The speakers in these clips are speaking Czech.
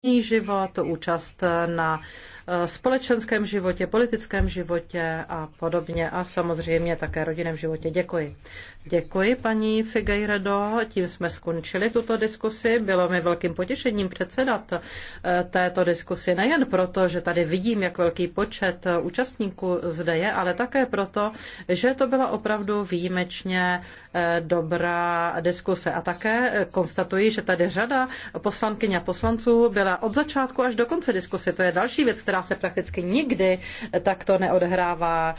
Aktivní život, účast na eh, společenském životě, politickém životě a podobně a samozřejmě také rodinném životě. Děkuji. Děkuji, paní Figueiredo. Tím jsme skončili tuto diskusi. Bylo mi velkým potěšením předsedat eh, této diskusi nejen proto, že tady vidím, jak velký počet eh, účastníků zde je, ale také proto, že to byla opravdu výjimečně Eh, dobrá diskuse. A také eh, konstatuji, že tady řada poslankyň a poslanců byla od začátku až do konce diskuse. To je další věc, která se prakticky nikdy eh, takto neodehrává.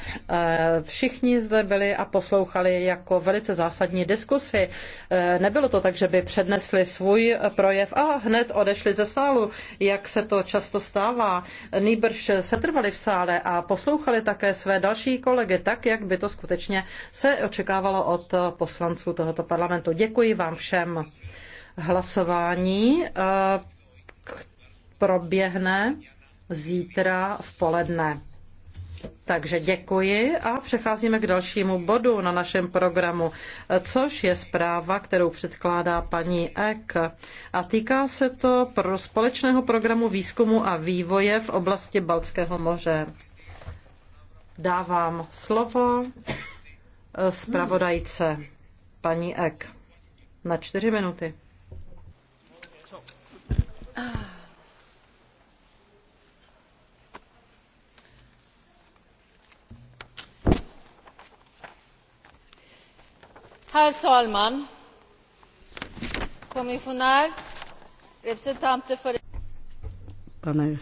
Všichni zde byli a poslouchali jako velice zásadní diskusy. Nebylo to tak, že by přednesli svůj projev a hned odešli ze sálu, jak se to často stává. Nýbrž setrvali v sále a poslouchali také své další kolegy tak, jak by to skutečně se očekávalo od poslanců tohoto parlamentu. Děkuji vám všem. Hlasování eh, proběhne zítra v poledne. Takže děkuji a přecházíme k dalšímu bodu na našem programu, eh, což je zpráva, kterou předkládá paní Ek. A týká se to pro společného programu výzkumu a vývoje v oblasti Baltského moře. Dávám slovo Eh, zpravodajce, paní Ek, na čtyři minuty. Herr talman, kommissionär, representanter för... Pane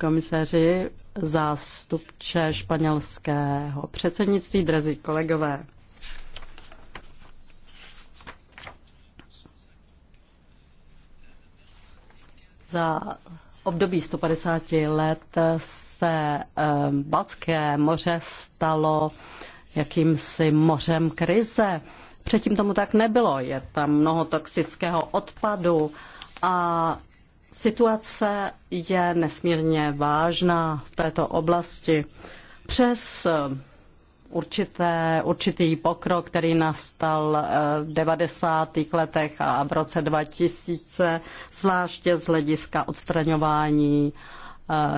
komisaři, zástupče španělského předsednictví, drazí kolegové. Za období 150 let se eh, Balcké moře stalo jakýmsi mořem krize. Předtím tomu tak nebylo. Je tam mnoho toxického odpadu a Situace je nesmírně vážná v této oblasti. Přes eh, určité, určitý pokrok, který nastal eh, v 90. letech a v roce 2000, zvláště z hlediska odstraňování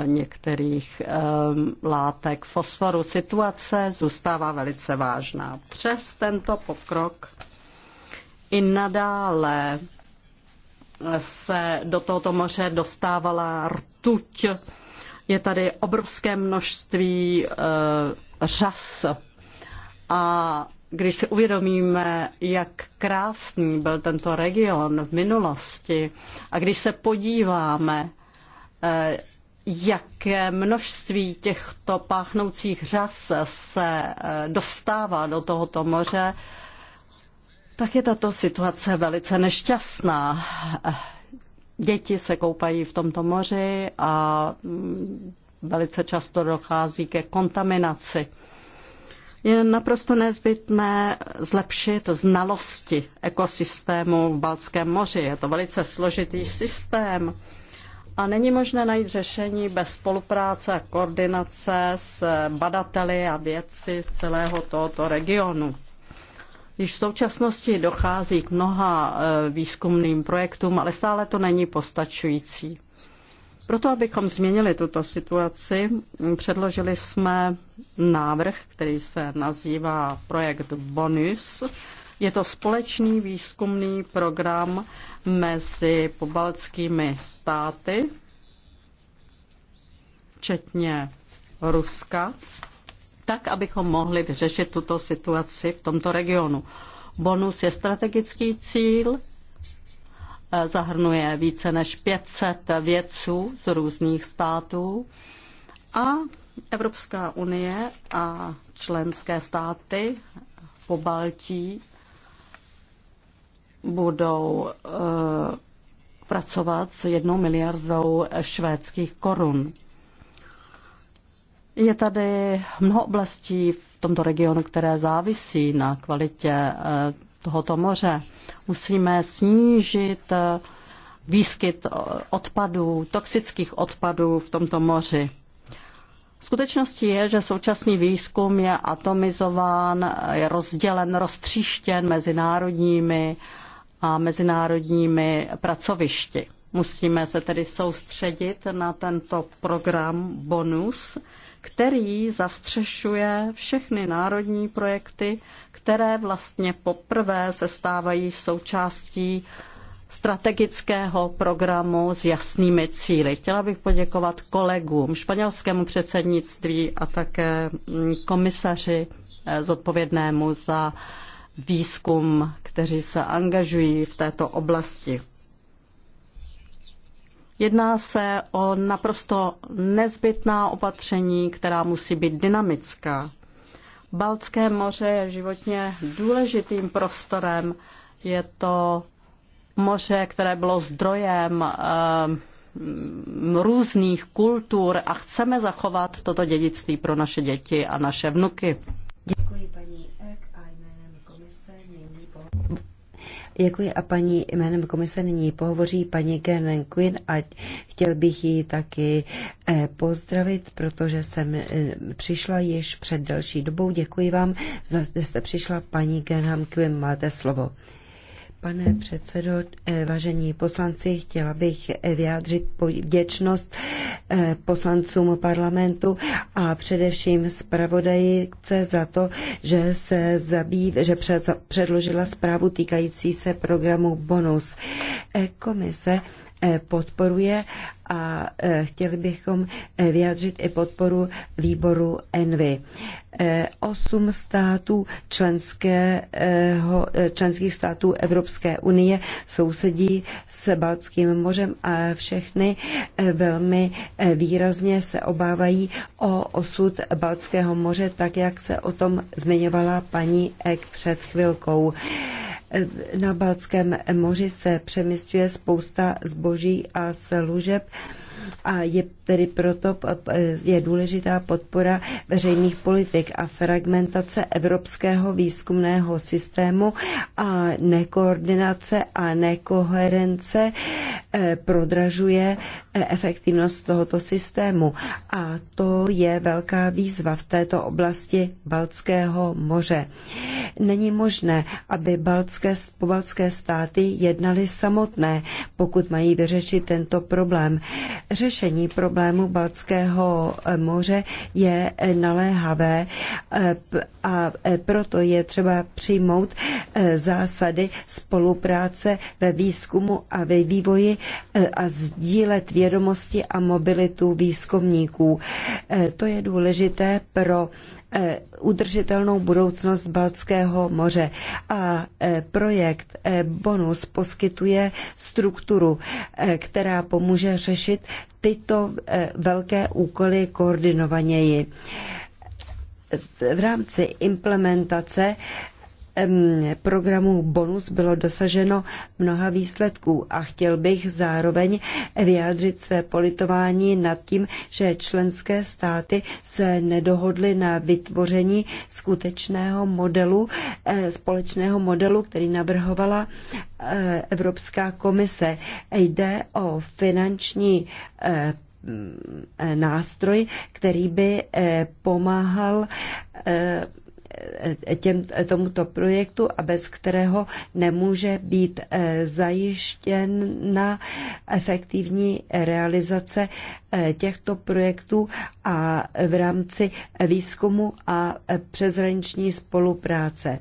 eh, některých látek fosforu. Situace zůstává velice vážná. Přes tento pokrok i nadále se do tohoto moře dostávala rtuť. Je tady obrovské množství uh, řas. A když si uvědomíme, jak krásný byl tento region v minulosti a když se podíváme, uh, jaké množství těchto páchnoucích řas se eh, dostává do tohoto moře, tak je tato situace velice nešťastná. Děti se koupají v tomto moři a mm, velice často dochází ke kontaminaci. Je naprosto nezbytné zlepšit znalosti ekosystému v Balckém moři. Je to velice složitý systém a není možné najít řešení bez spolupráce a koordinace s badateli a vědci z celého tohoto regionu. Již v současnosti dochází k mnoha e, výzkumným projektům, ale stále to není postačující. Proto, abychom změnili tuto situaci, předložili jsme návrh, který se nazývá projekt Bonus. Je to společný výzkumný program mezi pobaltskými státy, včetně Ruska, tak abychom mohli vyřešit tuto situaci v tomto regionu. Bonus je strategický cíl, eh, zahrnuje více než 500 vědců z různých států a Evropská unie a členské státy po Baltí budou eh, pracovat s jednou miliardou švédských korun. Je tady mnoho oblastí v tomto regionu, které závisí na kvalitě eh, tohoto moře. Musíme snížit eh, výskyt eh, odpadů, toxických odpadů v tomto moři. Skutečností je, že současný výzkum je atomizován, je rozdělen, roztříštěn mezi národními a mezinárodními pracovišti. Musíme se tedy soustředit na tento program bonus, který zastřešuje všechny národní projekty, které vlastně poprvé se stávají součástí strategického programu s jasnými cíly. Chtěla bych poděkovat kolegům, španělskému předsednictví a také mm, komisaři eh, zodpovědnému za výzkum, kteří se angažují v této oblasti. Jedná se o naprosto nezbytná opatření, která musí být dynamická. Baltské moře je životně důležitým prostorem. Je to moře, které bylo zdrojem eh, různých kultur a chceme zachovat toto dědictví pro naše děti a naše vnuky. Děkuji a paní jménem komise nyní pohovoří paní Kernan Quinn a chtěl bych ji taky eh, pozdravit, protože jsem eh, přišla již před delší dobou. Děkuji vám, že jste přišla paní Kernan Quinn, máte slovo. Pane předsedo, eh, vážení poslanci, chtěla bych eh, vyjádřit vděčnost eh, poslancům parlamentu a především zpravodajce za to, že se zabýv, že předložila zprávu týkající se programu Bonus. Komise Eh, podporuje a eh, chtěli bychom eh, vyjádřit i podporu výboru Envy. Osm států členského, členských států Evropské unie sousedí s Baltským mořem a všechny velmi výrazně se obávají o osud Baltského moře, tak jak se o tom zmiňovala paní Ek před chvilkou. Na Balckém moři se přemysťuje spousta zboží a služeb a je tedy proto je důležitá podpora veřejných politik a fragmentace evropského výzkumného systému a nekoordinace a nekoherence eh, prodražuje eh, efektivnost tohoto systému. A to je velká výzva v této oblasti Baltského moře. Není možné, aby baltské, pobaltské státy jednaly samotné, pokud mají vyřešit tento problém Řešení problému Balckého eh, moře je eh, naléhavé eh, a proto je třeba přijmout zásady spolupráce ve výzkumu a ve vývoji a sdílet vědomosti a mobilitu výzkumníků. To je důležité pro Eh, udržitelnou budoucnost Baltského moře. A eh, projekt eh, Bonus poskytuje strukturu, která pomůže řešit tyto velké úkoly koordinovaněji v rámci implementace programu Bonus bylo dosaženo mnoha výsledků a chtěl bych zároveň vyjádřit své politování nad tím, že členské státy se nedohodly na vytvoření skutečného modelu, eh, společného modelu, který navrhovala eh, Evropská komise. Jde o finanční eh, nástroj, který by pomáhal těm, tomuto projektu a bez kterého nemůže být eh, zajištěna efektivní realizace eh, těchto projektů a v rámci výzkumu a eh, přezraniční spolupráce.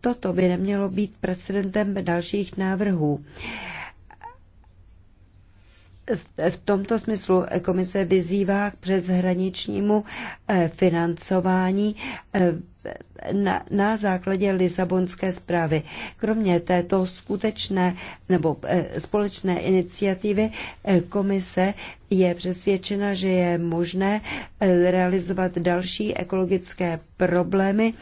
Toto by nemělo být precedentem dalších návrhů v tomto smyslu komise vyzývá k přeshraničnímu eh, financování eh, na, na základě Lisabonské zprávy. Kromě této skutečné nebo eh, společné iniciativy komise je přesvědčena, že je možné realizovat další ekologické problémy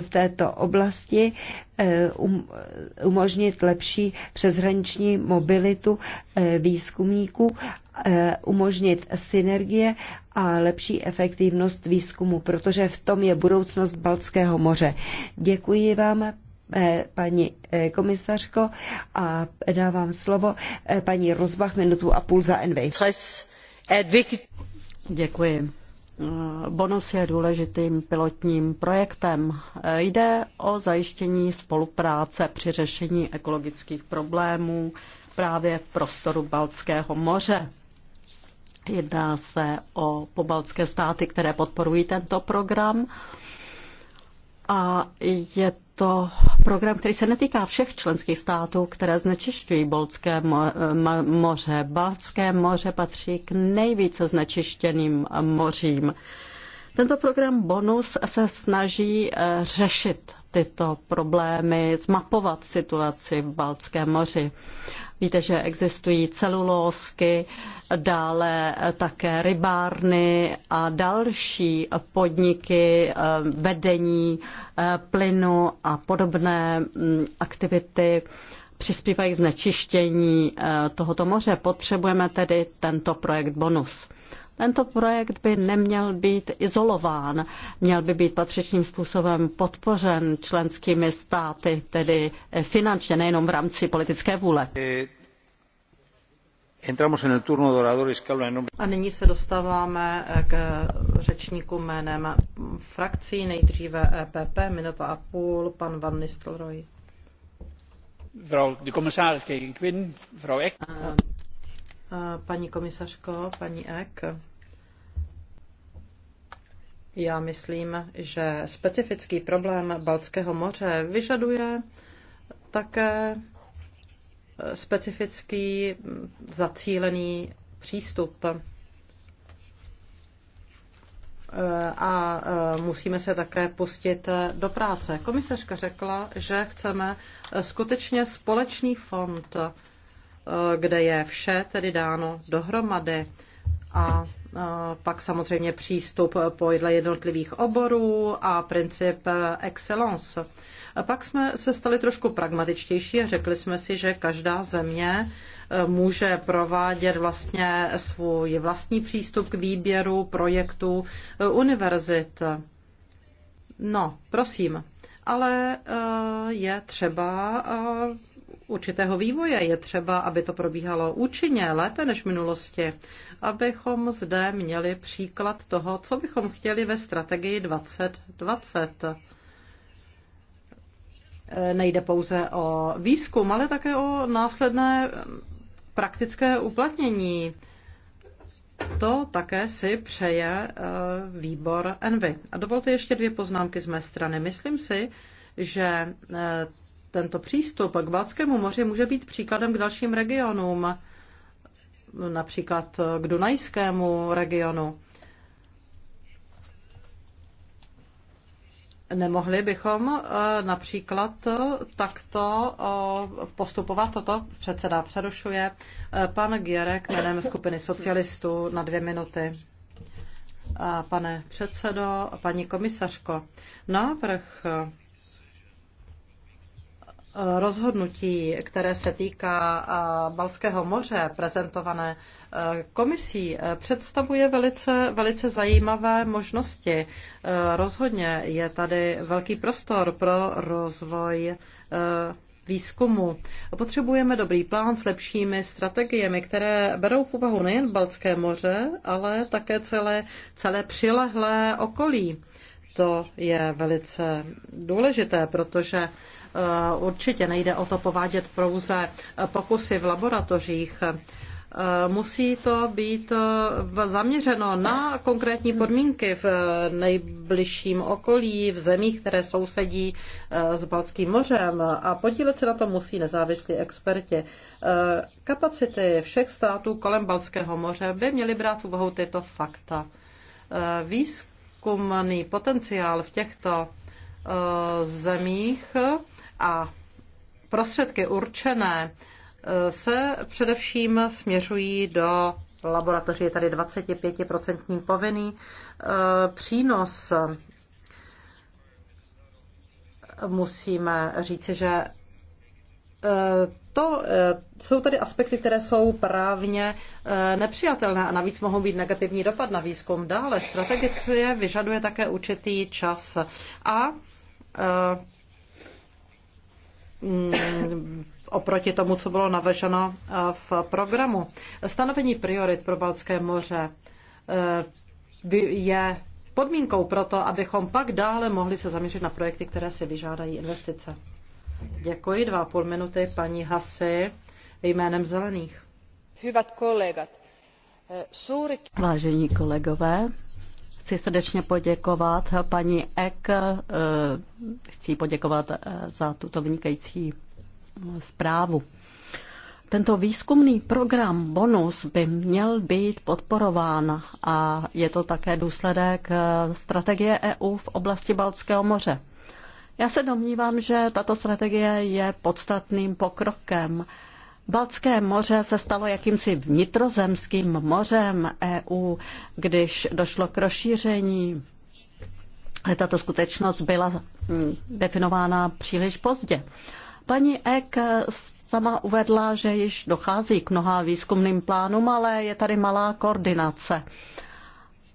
v této oblasti Eh, um, eh, umožnit lepší přeshraniční mobilitu eh, výzkumníků, umožnit synergie a lepší efektivnost výzkumu, protože v tom je budoucnost Baltského moře. Děkuji vám, paní komisařko, a dávám slovo paní Rozbach minutu a půl za Envy. Děkuji. Bonus je důležitým pilotním projektem. Jde o zajištění spolupráce při řešení ekologických problémů právě v prostoru Baltského moře. Jedná se o pobaltské státy, které podporují tento program. A je to program, který se netýká všech členských států, které znečišťují Boltské moře. Baltské moře patří k nejvíce znečištěným mořím. Tento program Bonus se snaží eh, řešit tyto problémy, zmapovat situaci v Baltském moři. Víte, že existují celulózky, dále také rybárny a další podniky, eh, vedení eh, plynu a podobné mm, aktivity přispívají k znečištění eh, tohoto moře. Potřebujeme tedy tento projekt bonus. Tento projekt by neměl být izolován, měl by být patřičným způsobem podpořen členskými státy, tedy eh, finančně, nejenom v rámci politické vůle. Eh, a nyní se dostáváme eh, k řečníku jménem frakcí, nejdříve EPP, minuta a půl, pan Van Nistelrooy. Mevrouw de commissaris, kijk, ik paní komisařko, paní Ek. Já myslím, že specifický problém Baltského moře vyžaduje také specifický zacílený přístup. E, a e, musíme se také pustit do práce. Komisařka řekla, že chceme skutečně společný fond Eh, kde je vše tedy dáno dohromady a eh, pak samozřejmě přístup podle jednotlivých oborů a princip eh, excellence. Pak jsme se stali trošku pragmatičtější a řekli jsme si, že každá země může provádět vlastně svůj vlastní přístup k výběru projektů univerzit. No, prosím, ale je třeba určitého vývoje. Je třeba, aby to probíhalo účinně, lépe než v minulosti, abychom zde měli příklad toho, co bychom chtěli ve strategii 2020. Nejde pouze o výzkum, ale také o následné praktické uplatnění. To také si přeje eh, výbor Envy. A dovolte ještě dvě poznámky z mé strany. Myslím si, že eh, tento přístup k Balckému moři může být příkladem k dalším regionům, například k Dunajskému regionu. Nemohli bychom eh, například eh, takto eh, postupovat, toto předseda přerušuje, pan Gierek jménem skupiny socialistů na dvě minuty. Pane předsedo, paní komisařko, návrh rozhodnutí, které se týká Balského moře, prezentované e, komisí, e, představuje velice, velice zajímavé možnosti. E, rozhodně je tady velký prostor pro rozvoj výzkumu. Potřebujeme dobrý plán s lepšími strategiemi, které berou v úvahu nejen Balské moře, ale také celé, celé přilehlé okolí. To je velice důležité, protože Eh, určitě nejde o to povádět pouze eh, pokusy v laboratořích. Eh, musí to být zaměřeno na konkrétní podmínky v nejbližším okolí, v zemích, které sousedí s Balckým mořem a podílet se na to musí nezávislí experti. Kapacity všech států kolem Balckého moře by měly brát v úvahu tyto fakta. Výzkumný potenciál v těchto zemích a prostředky určené e, se především směřují do laboratoří. Je tady 25% povinný e, přínos. Musíme říci, že e, to jsou tady aspekty, které jsou právně nepřijatelné a navíc mohou být negativní dopad na výzkum. Dále strategicky vyžaduje také určitý čas a Mm, oproti tomu, co bylo navrženo eh, v programu. Stanovení priorit pro Balcké moře eh, je podmínkou pro to, abychom pak dále mohli se zaměřit na projekty, které si vyžádají investice. Děkuji. Dva a půl minuty paní Hasy jménem Zelených. Eh, Vážení kolegové, Chci srdečně poděkovat paní Ek, eh, chci poděkovat eh, za tuto vynikající zprávu. Tento výzkumný program Bonus by měl být podporován a je to také důsledek eh, strategie EU v oblasti Baltského moře. Já se domnívám, že tato strategie je podstatným pokrokem. Baltské moře se stalo jakýmsi vnitrozemským mořem EU, když došlo k rozšíření. Tato skutečnost byla hm, definována příliš pozdě. Paní Ek sama uvedla, že již dochází k mnoha výzkumným plánům, ale je tady malá koordinace.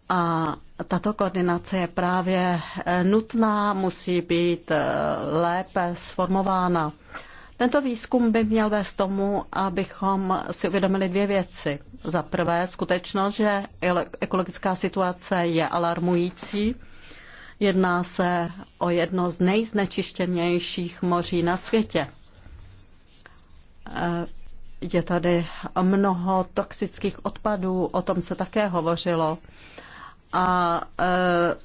A tato koordinace je právě eh, nutná, musí být eh, lépe sformována. Tento výzkum by měl vést tomu, abychom si uvědomili dvě věci. Za prvé, skutečnost, že ekologická situace je alarmující. Jedná se o jedno z nejznečištěnějších moří na světě. Eh, je tady mnoho toxických odpadů, o tom se také hovořilo. A eh,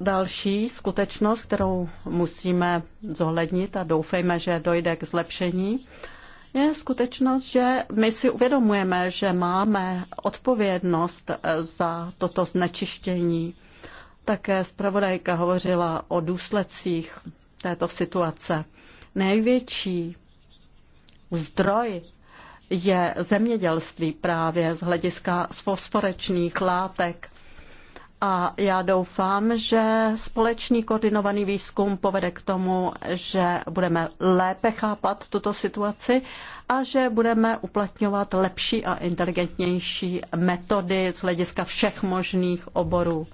Další skutečnost, kterou musíme zohlednit a doufejme, že dojde k zlepšení, je skutečnost, že my si uvědomujeme, že máme odpovědnost eh, za toto znečištění. Také zpravodajka hovořila o důsledcích této situace. Největší zdroj je zemědělství právě z hlediska fosforečných látek. A já doufám, že společný koordinovaný výzkum povede k tomu, že budeme lépe chápat tuto situaci a že budeme uplatňovat lepší a inteligentnější metody z hlediska všech možných oborů.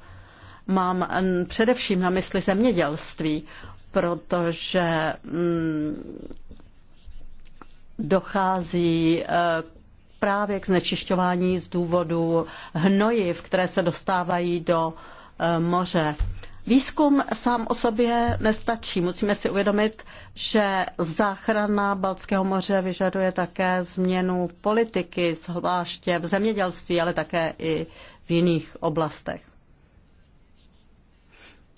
Mám především na mysli zemědělství, protože mm, dochází e, právě k znečišťování z důvodu hnojiv, které se dostávají do eh, moře. Výzkum sám o sobě nestačí. Musíme si uvědomit, že záchrana Balckého moře vyžaduje také změnu politiky, zvláště v zemědělství, ale také i v jiných oblastech.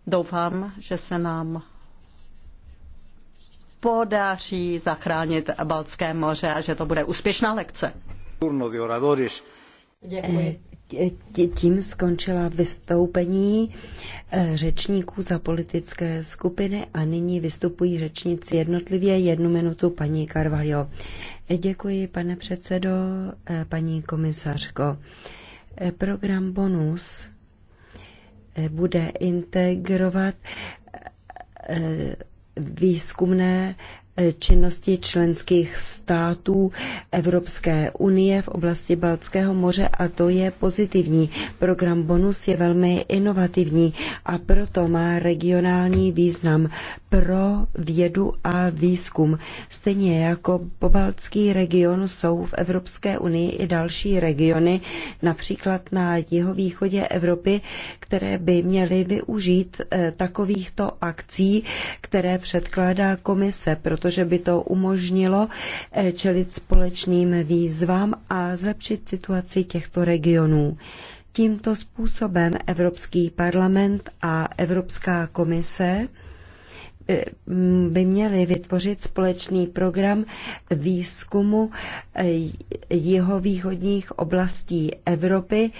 Doufám, že se nám podaří zachránit Balcké moře a že to bude úspěšná lekce. Eh, tím skončila vystoupení eh, řečníků za politické skupiny a nyní vystupují řečníci jednotlivě jednu minutu paní Carvalho. Eh, děkuji, pane předsedo, paní komisařko. Program Bonus bude integrovat výzkumné činnosti členských států Evropské unie v oblasti Baltského moře a to je pozitivní. Program Bonus je velmi inovativní a proto má regionální význam pro vědu a výzkum. Stejně jako pobaltský region jsou v Evropské unii i další regiony, například na východě Evropy, které by měly využít eh, takovýchto akcí, které předkládá komise. Proto protože by to umožnilo eh, čelit společným výzvám a zlepšit situaci těchto regionů. Tímto způsobem Evropský parlament a Evropská komise eh, by měli vytvořit společný program výzkumu eh, jihovýchodních oblastí Evropy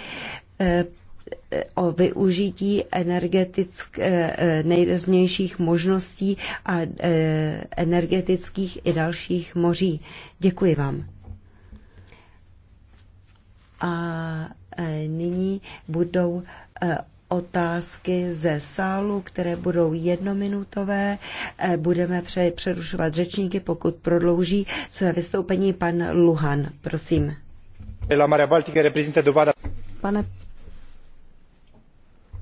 o využití energetick, eh, eh, nejrůznějších možností a eh, energetických i dalších moří. Děkuji vám. A nyní budou otázky ze sálu, které budou jednominutové. Budeme přerušovat řečníky, pokud prodlouží své vystoupení pan Luhan. Prosím. Pane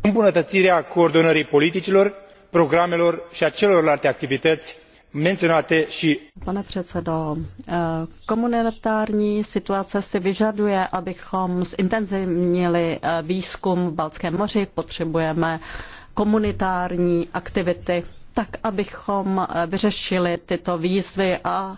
îmbunătăirea coordonării politicilor programelor i a celorlalte activităi menionate i. Pane předsedo, eh, komunitární situace si vyžaduje, abychom zintenzivnili eh, výzkum v Balckém moři. Potřebujeme komunitární aktivity, tak abychom eh, vyřešili tyto výzvy a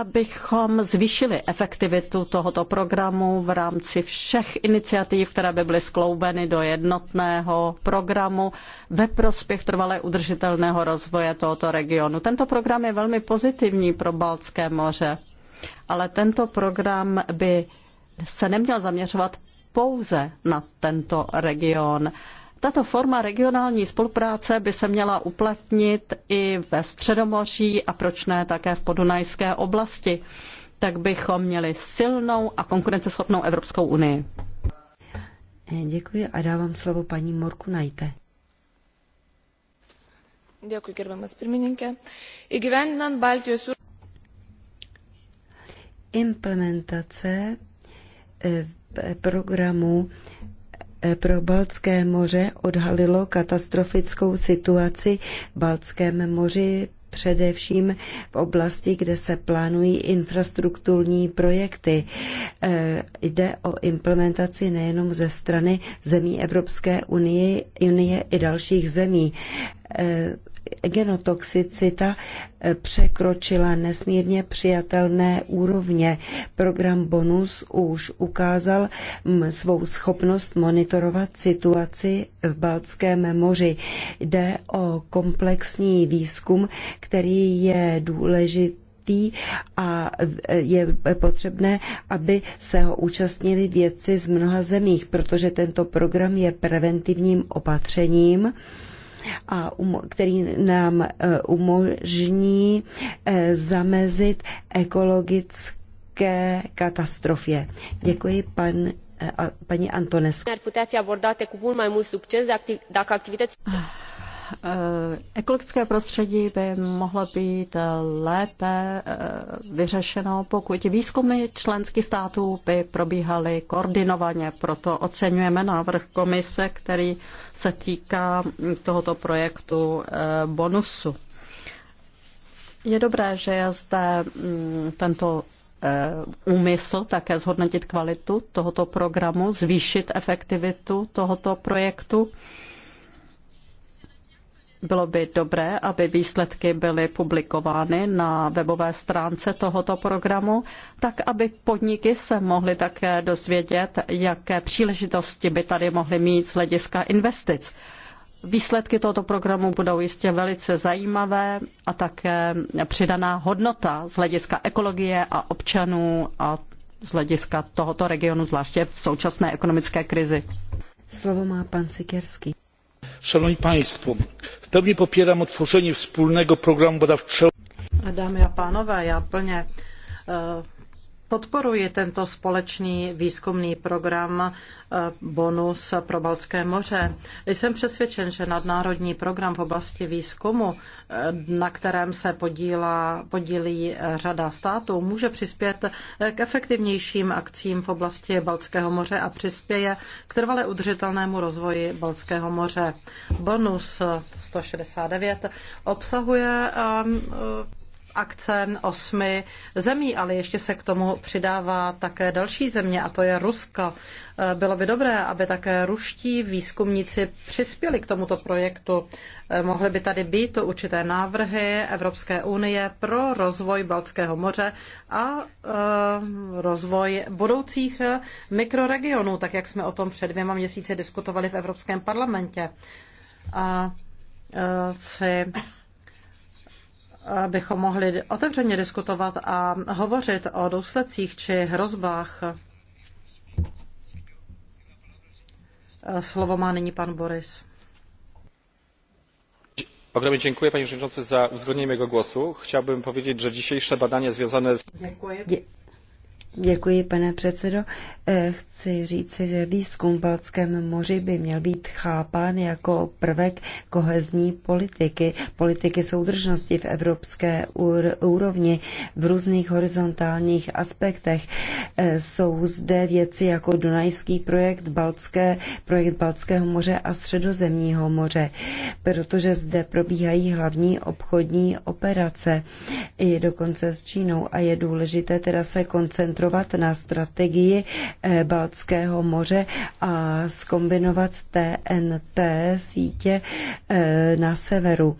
abychom zvýšili efektivitu tohoto programu v rámci všech iniciativ, které by byly skloubeny do jednotného programu ve prospěch trvalé udržitelného rozvoje tohoto regionu. Tento program je velmi pozitivní pro Baltské moře, ale tento program by se neměl zaměřovat pouze na tento region. Tato forma regionální spolupráce by se měla uplatnit i ve Středomoří a proč ne také v podunajské oblasti. Tak bychom měli silnou a konkurenceschopnou Evropskou unii. Děkuji a dávám slovo paní Morku Najte. Děkuji, gerbiamas pirmininkė. Įgyvendinant Baltijos Implementace eh, programu pro Baltské moře odhalilo katastrofickou situaci v Baltském moři především v oblasti, kde se plánují infrastrukturní projekty. E, jde o implementaci nejenom ze strany zemí Evropské unie, unie i dalších zemí e, genotoxicita eh, překročila nesmírně přijatelné úrovně. Program Bonus už ukázal mm, svou schopnost monitorovat situaci v Baltském moři. Jde o komplexní výzkum, který je důležitý a eh, je potřebné, aby se ho účastnili vědci z mnoha zemích, protože tento program je preventivním opatřením a um, který nám eh, umožní eh, zamezit ekologické katastrofě. Děkuji, pan eh, paní Antonescu. Ar putea fi abordate cu mult mai mult succes dacă activități... Ah. Eh, ekologické prostředí by mohlo být lépe eh, vyřešeno, pokud výzkumy členských států by probíhaly koordinovaně. Proto oceňujeme návrh komise, který se týká tohoto projektu eh, bonusu. Je dobré, že je zde mm, tento úmysl také zhodnotit kvalitu tohoto programu, zvýšit efektivitu tohoto projektu. Bylo by dobré, aby výsledky byly publikovány na webové stránce tohoto programu, tak aby podniky se mohly také dozvědět, jaké příležitosti by tady mohly mít z hlediska investic. Výsledky tohoto programu budou jistě velice zajímavé a také přidaná hodnota z hlediska ekologie a občanů a z hlediska tohoto regionu, zvláště v současné ekonomické krizi. Slovo má pan Sikerský v pełni popieram otworzenie wspólnego programu badawczego. dámy a pánové já plně eh, podporuji tento společný výzkumný program eh, Bonus pro Balské moře. Jsem přesvědčen, že nadnárodní program v oblasti výzkumu, eh, na kterém se podílí eh, řada států, může přispět k efektivnějším akcím v oblasti Baltského moře a přispěje k trvale udržitelnému rozvoji Baltského moře. Bonus 169 obsahuje akce osmi zemí, ale ještě se k tomu přidává také další země, a to je Rusko. Eh, bylo by dobré, aby také ruští výzkumníci přispěli k tomuto projektu. Eh, mohly by tady být to určité návrhy Evropské unie pro rozvoj Baltského moře a eh, rozvoj budoucích mikroregionů, tak jak jsme o tom před dvěma měsíci diskutovali v Evropském parlamentě. A si abychom mohli otevřeně diskutovat a hovořit o důsledcích či hrozbách. Slovo má nyní pan Boris. Ogromnie dziękuję panie przewodniczący za uzgodnienie mojego głosu. Chciałbym powiedzieć, że dzisiejsze badania związane z... Dziękuję. Děkuji, pane předsedo. Eh, chci říci, že výzkum v Balckém moři by měl být chápán jako prvek kohezní politiky, politiky soudržnosti v evropské úrovni v různých horizontálních aspektech. Eh, jsou zde věci jako Dunajský projekt, Balcké, projekt Balckého moře a Středozemního moře, protože zde probíhají hlavní obchodní operace, i dokonce s Čínou a je důležité teda se koncentrovat koncentrovat na strategii eh, Baltského moře a skombinovat TNT sítě eh, na severu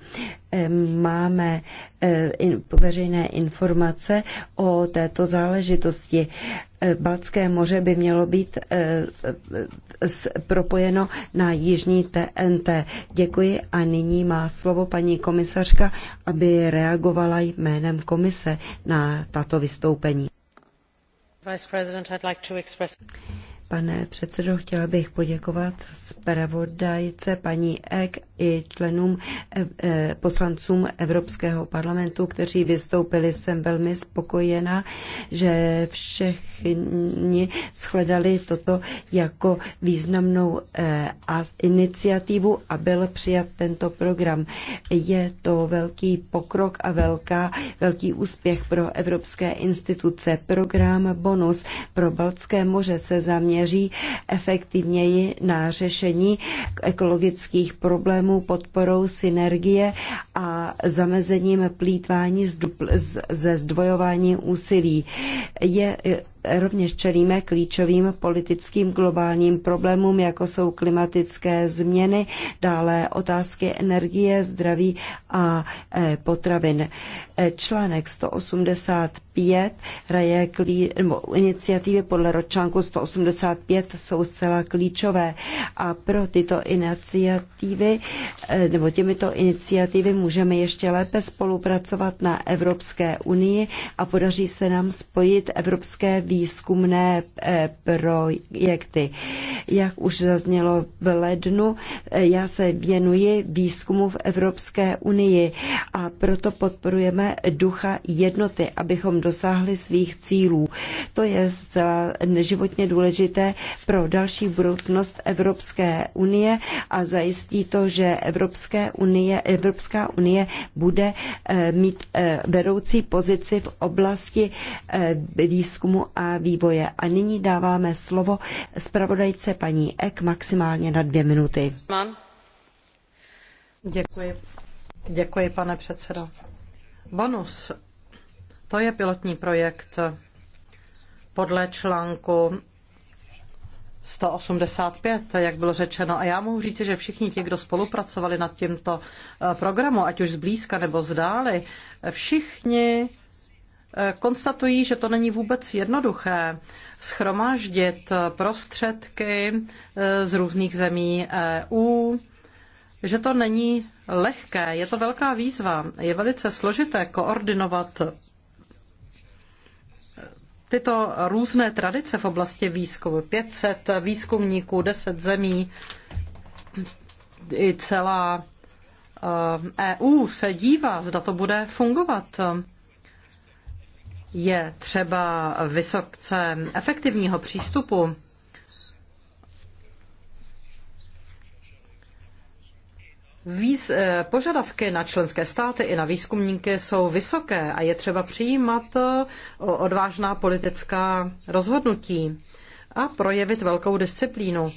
eh, máme veřejné informace o této záležitosti. Baltské moře by mělo být propojeno na jižní TNT. Děkuji a nyní má slovo paní komisařka, aby reagovala jménem komise na tato vystoupení. Vice President, I'd like to express... Pane předsedo, chtěla bych poděkovat zpravodajce paní Ek i členům eh, eh, poslancům Evropského parlamentu, kteří vystoupili. Jsem velmi spokojena, že všichni shledali toto jako významnou eh, iniciativu a byl přijat tento program. Je to velký pokrok a velká, velký úspěch pro evropské instituce. Program Bonus pro Baltské moře se zaměřuje zaměří efektivněji na řešení ekologických problémů podporou synergie a zamezením plítvání ze zdvojování úsilí. Je rovněž čelíme klíčovým politickým globálním problémům, jako jsou klimatické změny, dále otázky energie, zdraví a e, potravin. E, článek 185 hraje klí, nebo iniciativy podle ročánku 185 jsou zcela klíčové a pro tyto iniciativy e, nebo těmito iniciativy můžeme ještě lépe spolupracovat na Evropské unii a podaří se nám spojit evropské výzkumné eh, projekty. Jak už zaznělo v lednu, eh, já se věnuji výzkumu v Evropské unii a proto podporujeme ducha jednoty, abychom dosáhli svých cílů. To je zcela neživotně důležité pro další budoucnost Evropské unie a zajistí to, že Evropské unie, Evropská unie bude eh, mít vedoucí pozici v oblasti výzkumu a vývoje. A nyní dáváme slovo zpravodajce paní Ek maximálně na dvě minuty. Děkuji. Děkuji, pane předsedo. Bonus. To je pilotní projekt podle článku 185, jak bylo řečeno. A já mohu říct, že všichni ti, kdo spolupracovali nad tímto eh, programu, ať už zblízka nebo zdáli, všichni Eh, konstatují, že to není vůbec jednoduché schromáždit prostředky eh, z různých zemí EU, že to není lehké, je to velká výzva, je velice složité koordinovat eh, tyto různé tradice v oblasti výzkumu. 500 výzkumníků, 10 zemí, i celá EU e se dívá, zda to bude fungovat je třeba vysoce efektivního přístupu, Výz, eh, požadavky na členské státy i na výzkumníky jsou vysoké a je třeba přijímat eh, odvážná politická rozhodnutí a projevit velkou disciplínu.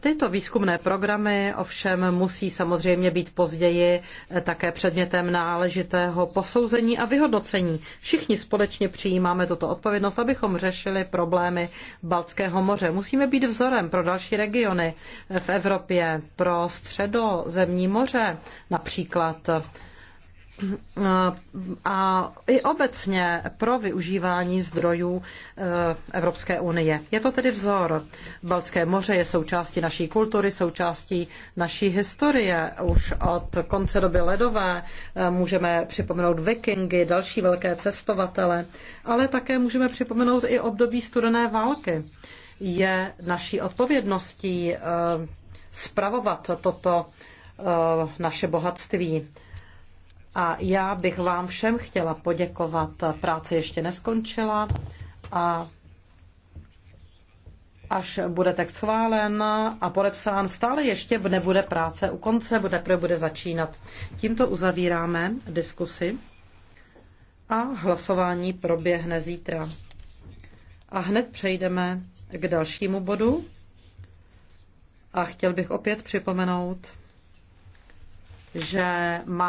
Tyto výzkumné programy ovšem musí samozřejmě být později také předmětem náležitého posouzení a vyhodnocení. Všichni společně přijímáme tuto odpovědnost, abychom řešili problémy Baltského moře. Musíme být vzorem pro další regiony v Evropě, pro středozemní moře například a i obecně pro využívání zdrojů eh, Evropské unie. Je to tedy vzor. Baltské moře je součástí naší kultury, součástí naší historie. Už od konce doby ledové eh, můžeme připomenout vikingy, další velké cestovatele, ale také můžeme připomenout i období studené války. Je naší odpovědností eh, spravovat toto naše bohatství a já bych vám všem chtěla poděkovat. Práce ještě neskončila a až bude text schválen a podepsán, stále ještě nebude práce u konce, bude, bude začínat. Tímto uzavíráme diskusi a hlasování proběhne zítra. A hned přejdeme k dalšímu bodu. A chtěl bych opět připomenout, že má